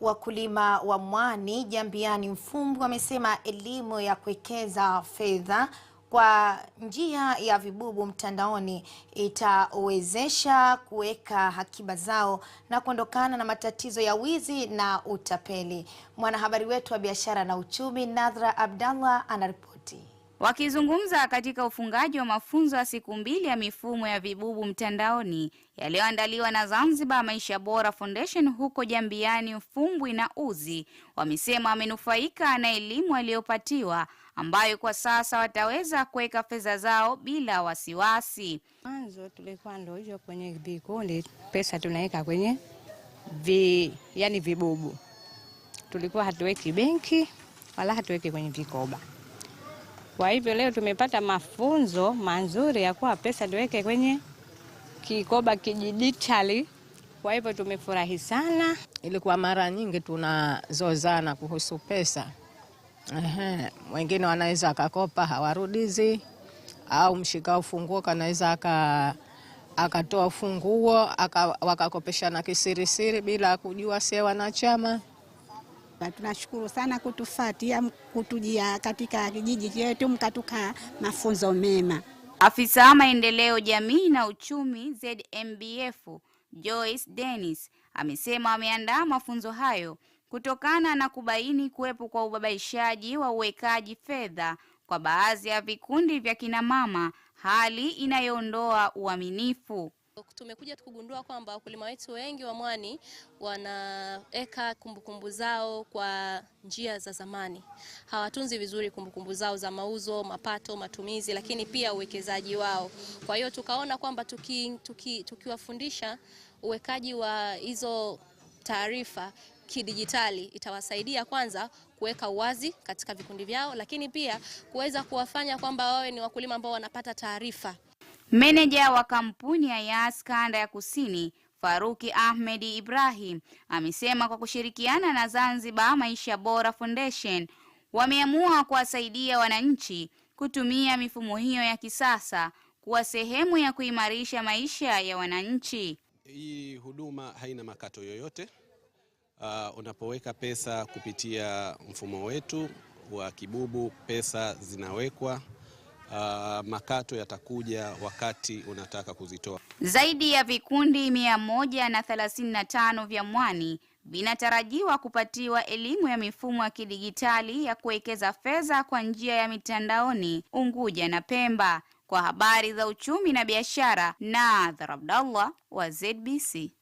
Wakulima wa mwani Jambiani Mfumbu wamesema elimu ya kuwekeza fedha kwa njia ya vibubu mtandaoni itawezesha kuweka akiba zao na kuondokana na matatizo ya wizi na utapeli. Mwanahabari wetu wa biashara na uchumi Nadhra Abdallah anaripoti. Wakizungumza katika ufungaji wa mafunzo ya siku mbili ya mifumo ya vibubu mtandaoni yaliyoandaliwa na Zanzibar Maisha Bora Foundation huko Jambiani, Mfumbwi na Uzi, wamesema wamenufaika na elimu waliyopatiwa ambayo kwa sasa wataweza kuweka fedha zao bila wasiwasi. Mwanzo tulikuwa ndo hivyo kwenye vikundi, pesa tunaweka kwenye vi, yani vibubu, tulikuwa hatuweki benki wala hatuweki kwenye vikoba kwa hivyo leo tumepata mafunzo mazuri ya kuwa pesa tuweke kwenye kikoba kidijitali. Kwa hivyo tumefurahi sana. Ilikuwa mara nyingi tunazozana kuhusu pesa. Ehe, wengine wanaweza akakopa hawarudizi, au mshika ufunguo kanaweza aka akatoa funguo aka, wakakopeshana kisirisiri bila kujua sie wanachama hapa. Tunashukuru sana kutufuatia, kutujia katika kijiji chetu, mkatuka mafunzo mema. Afisa maendeleo jamii na uchumi ZMBF Joyce Dennis amesema ameandaa mafunzo hayo kutokana na kubaini kuwepo kwa ubabaishaji wa uwekaji fedha kwa baadhi ya vikundi vya kinamama, hali inayoondoa uaminifu. Tumekuja tukugundua kwamba wakulima wetu wengi wa mwani wanaeka kumbukumbu zao kwa njia za zamani. Hawatunzi vizuri kumbukumbu zao za mauzo, mapato, matumizi, lakini pia uwekezaji wao. Kwa hiyo tukaona kwamba tukiwafundisha tuki, tuki uwekaji wa hizo taarifa kidijitali itawasaidia kwanza kuweka uwazi katika vikundi vyao, lakini pia kuweza kuwafanya kwamba wawe ni wakulima ambao wanapata taarifa. Meneja wa kampuni ya Yas kanda ya Kusini Faruki Ahmedi Ibrahim amesema kwa kushirikiana na Zanzibar Maisha Bora Foundation wameamua kuwasaidia wananchi kutumia mifumo hiyo ya kisasa kuwa sehemu ya kuimarisha maisha ya wananchi. Hii huduma haina makato yoyote. Uh, unapoweka pesa kupitia mfumo wetu wa Kibubu, pesa zinawekwa uh, makato yatakuja wakati unataka kuzitoa. Zaidi ya vikundi mia moja na thelathini na tano vya mwani vinatarajiwa kupatiwa elimu ya mifumo ya kidigitali ya kuwekeza fedha kwa njia ya mitandaoni Unguja na Pemba. Kwa habari za uchumi na biashara, Nadhar Abdallah wa ZBC.